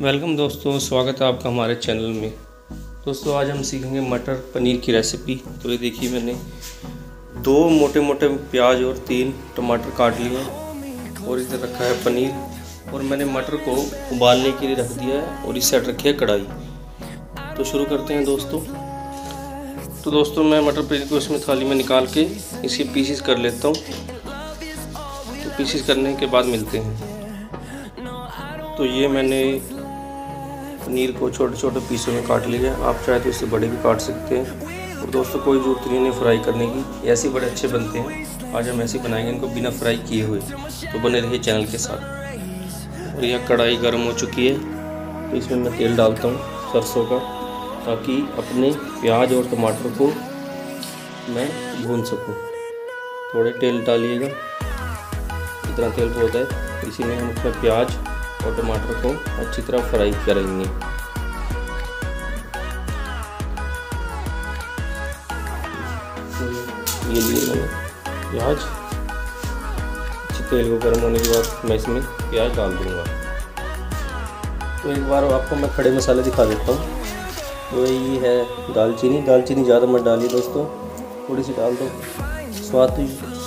welcome दोस्तों स्वागत है आपका हमारे चैनल में दोस्तों आज हम सीखेंगे मटर पनीर की रेसिपी तो ये देखिए मैंने दो मोटे मोटे प्याज और तीन टमाटर काट लिए और इधर रखा है पनीर और मैंने मटर को उबालने के लिए रख दिया है और इस साइड रखी है कढ़ाई तो शुरू करते हैं दोस्तों तो दोस्तों मैं मटर पनीर को इसमें थाली में निकाल के इसे पीसीस कर लेता हूँ तो पीसीस करने के बाद मिलते हैं तो ये मैंने पनीर को छोटे छोटे पीसों में काट लिया आप चाहे तो इससे बड़े भी काट सकते हैं और दोस्तों कोई ज़रूरत नहीं है फ्राई करने की ऐसे बड़े अच्छे बनते हैं आज हम ऐसे बनाएंगे इनको बिना फ्राई किए हुए तो बने रहिए चैनल के साथ और यह कढ़ाई गर्म हो चुकी है तो इसमें मैं तेल डालता हूँ सरसों का ताकि अपने प्याज और टमाटर को मैं भून सकूँ थोड़े तेल डालिएगा इतना तेल बहुत है इसी में हम अपना प्याज और टमाटर को अच्छी तरह फ्राई करेंगे ये लिए मैंने प्याज अच्छे तेल को गर्म होने के बाद मैं इसमें प्याज डाल दूँगा तो एक बार आपको मैं खड़े मसाले दिखा देता हूँ तो ये है दालचीनी दालचीनी ज़्यादा मत डालिए दोस्तों थोड़ी सी डाल दो स्वाद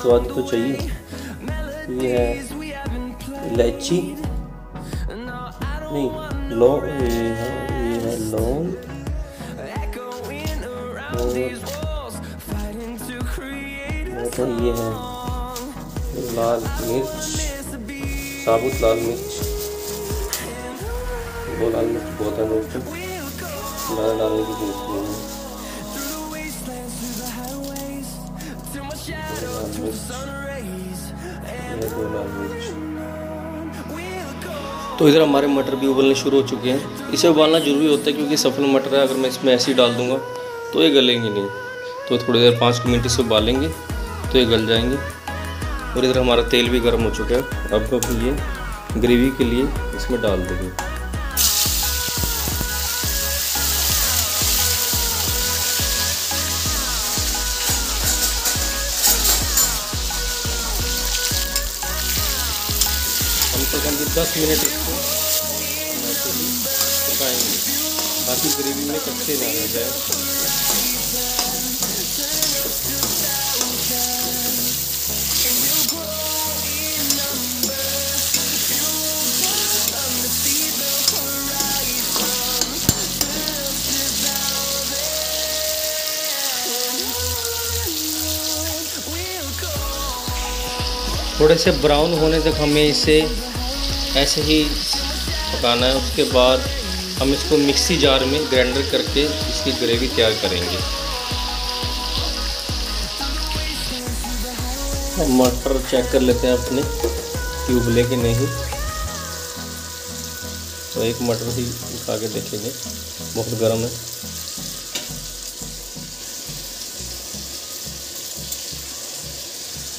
स्वाद तो चाहिए तो ये है इलायची नहीं लॉन्ग ये है ये है लॉन्ग और अच्छा ये है लाल मिर्च साबुत लाल मिर्च वो लाल मिर्च बहुत है दोस्तों ज़्यादा डालने की जरूरत नहीं है लाल मिर्च ये दो लाल मिर्च तो इधर हमारे मटर भी उबलने शुरू हो चुके हैं इसे उबालना ज़रूरी होता है क्योंकि सफल मटर है अगर मैं इसमें ऐसे ही डाल दूंगा तो ये गलेंगे नहीं तो थोड़ी देर पाँच मिनट इसे उबालेंगे तो ये गल जाएंगे और इधर हमारा तेल भी गर्म हो चुका है अब अब ये ग्रेवी के लिए इसमें डाल देंगे करीब दस मिनट इसको पकाएंगे बाकी ग्रेवी में कच्चे ना रह जाए थोड़े से ब्राउन होने तक हमें इसे ऐसे ही पकाना है उसके बाद हम इसको मिक्सी जार में ग्राइंडर करके इसकी ग्रेवी तैयार करेंगे मटर चेक कर लेते हैं अपने कि उबले कि नहीं तो एक मटर ही उठा के देखेंगे बहुत गर्म है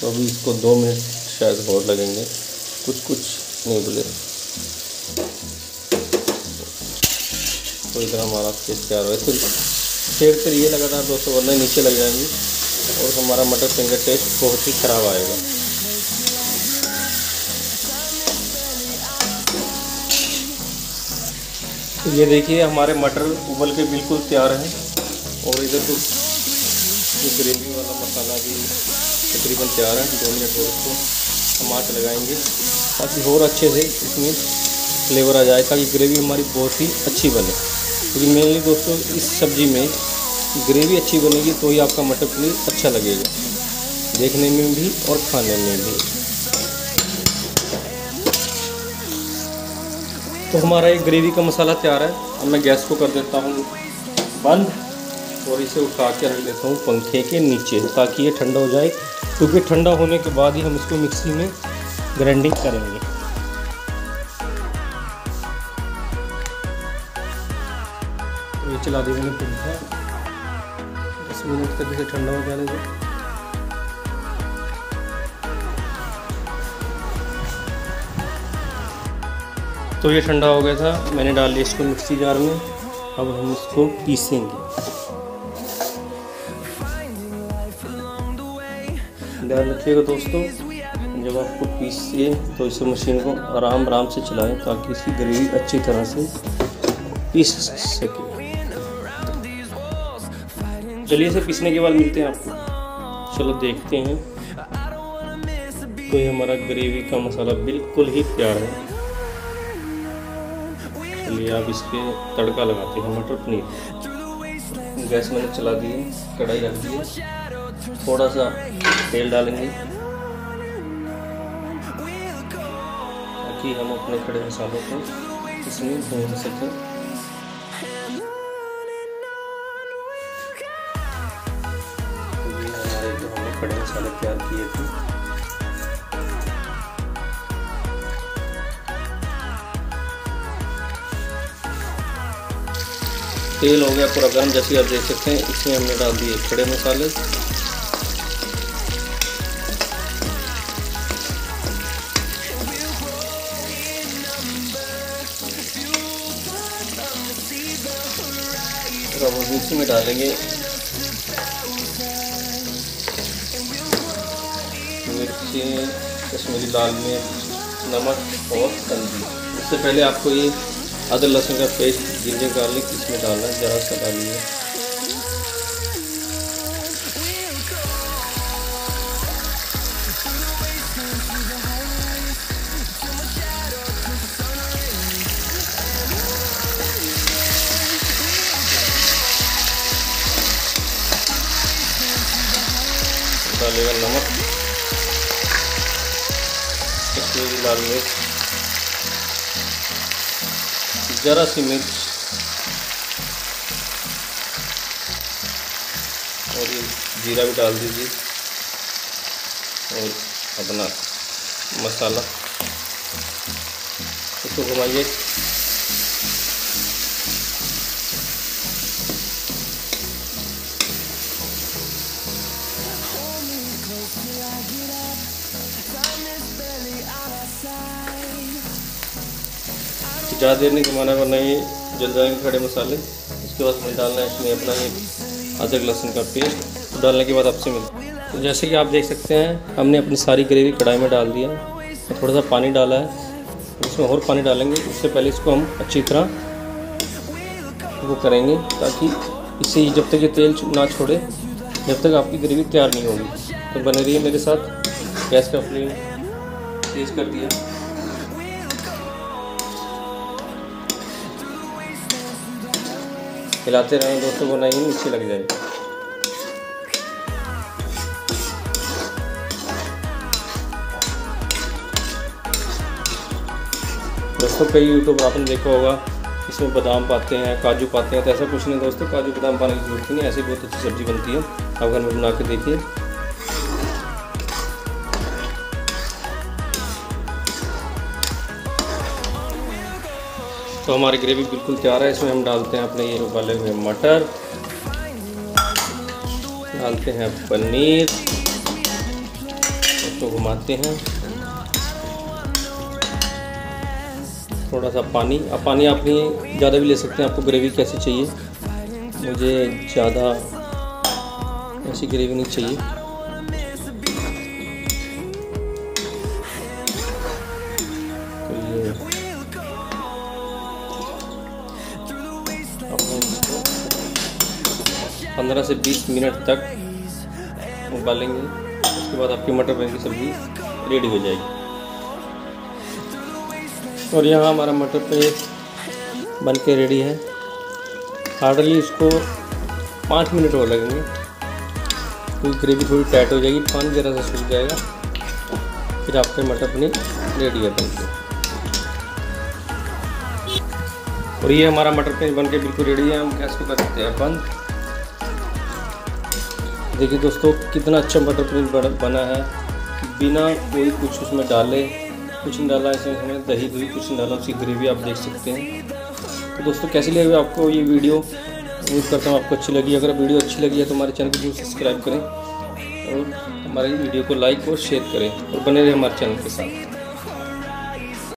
तो अभी इसको दो मिनट शायद और लगेंगे कुछ कुछ नहीं भूलेगा तो इधर हमारा पेस्ट तैयार हो फिर फिर ये लगातार दोस्तों वरना नीचे लग जाएंगे और हमारा मटर फिंगर टेस्ट बहुत ही ख़राब आएगा तो ये देखिए हमारे मटर उबल के बिल्कुल तैयार हैं और इधर तो ग्रेवी वाला मसाला भी तकरीबन तैयार है दो मिनट और इसको टमाटर लगाएंगे ताकि और अच्छे से इसमें फ्लेवर आ जाए ताकि ग्रेवी हमारी बहुत ही अच्छी बने क्योंकि मेनली दोस्तों इस सब्ज़ी में ग्रेवी अच्छी बनेगी तो ही आपका मटर पनीर अच्छा लगेगा देखने में भी और खाने में भी तो हमारा ये ग्रेवी का मसाला तैयार है अब मैं गैस को कर देता हूँ बंद और इसे उठा के रख देता हूँ पंखे के नीचे ताकि ये ठंडा हो जाए क्योंकि ठंडा होने के बाद ही हम इसको मिक्सी में ग्राइंडिंग करेंगे तो ये चला दी मैंने पंखा दस मिनट तक इसे ठंडा हो जाने दो तो ये ठंडा हो गया था मैंने डाल लिया इसको मिक्सी जार में अब हम इसको पीसेंगे ध्यान रखिएगा दोस्तों जब आपको पीसिए तो इस मशीन को आराम आराम से चलाएं ताकि इसकी ग्रेवी अच्छी तरह से पीस सके चलिए इसे पीसने के बाद मिलते हैं आपको चलो देखते हैं तो ये हमारा ग्रेवी का मसाला बिल्कुल ही प्यार है चलिए आप इसके तड़का लगाते हैं मटर पनीर गैस मैंने चला दी है कढ़ाई रख दी है थोड़ा सा तेल डालेंगे ताकि हम अपने खड़े मसालों को इसमें भून सकें तेल हो गया पूरा गर्म जैसे आप देख सकते हैं इसमें हमने डाल दिए खड़े मसाले इसी में डालेंगे मिर्ची कश्मीरी लाल मिर्च नमक और हल्दी इससे पहले आपको ये अदर लहसुन का पेस्ट जिंजर गार्लिक इसमें डालना ज़रा सा डालिए कश्मीरी लाल मिर्च ज़रा सी मिर्च और ये जीरा भी डाल दीजिए और अपना मसाला उसको घुमाइए ज़्यादा देर नहीं घुमाना वरना ये जल जाएंगे खड़े मसाले उसके बाद हमें डालना है इसमें अपना ये अदरक लहसुन का पेस्ट डालने के बाद आपसे मिलता तो जैसे कि आप देख सकते हैं हमने अपनी सारी ग्रेवी कढ़ाई में डाल दिया तो थोड़ा सा पानी डाला है उसमें और पानी डालेंगे उससे पहले इसको हम अच्छी तरह वो करेंगे ताकि इससे जब तक ये तेल ना छोड़े जब तक आपकी ग्रेवी तैयार नहीं होगी तो बने रही है मेरे साथ गैस का फ्लेम तेज़ कर दिया हिलाते रहें दोस्तों नहीं नीचे लग जाएगी दोस्तों कई यूट्यूब आपने देखा होगा इसमें बादाम पाते हैं काजू पाते हैं तो ऐसा कुछ नहीं दोस्तों काजू बादाम पाने की जरूरत नहीं ऐसी बहुत अच्छी सब्ज़ी बनती है आप घर में बना के देखिए तो हमारी ग्रेवी बिल्कुल तैयार है इसमें हम डालते हैं अपने ये उबाले हुए मटर डालते हैं पनीर इसको घुमाते हैं थोड़ा सा पानी अब पानी आप नहीं ज़्यादा भी ले सकते हैं आपको ग्रेवी कैसी चाहिए मुझे ज़्यादा ऐसी ग्रेवी नहीं चाहिए पंद्रह से बीस मिनट तक उबालेंगे उसके बाद आपकी मटर पनीर की सब्ज़ी रेडी हो जाएगी और यहाँ हमारा मटर पनीर बन के रेडी है हार्डली इसको पाँच मिनट और लगेंगे पूरी ग्रेवी थोड़ी टाइट हो जाएगी पानी ज़रा सा सूख जाएगा फिर आपके मटर पनीर रेडी है बनकर और ये हमारा मटर पनीर बन के बिल्कुल रेडी है हम गैस को कर देते हैं बंद देखिए दोस्तों कितना अच्छा बटर पनीर बना है बिना कोई कुछ उसमें डाले कुछ नहीं डाला इसमें उसमें दही दही कुछ नहीं डाला उसकी ग्रेवी आप देख सकते हैं तो दोस्तों कैसी लगे आपको ये वीडियो उम्मीद करता हूँ आपको अच्छी लगी अगर वीडियो अच्छी लगी है तो हमारे चैनल को जरूर सब्सक्राइब करें और हमारे वीडियो को लाइक और शेयर करें और बने रहे हमारे चैनल के साथ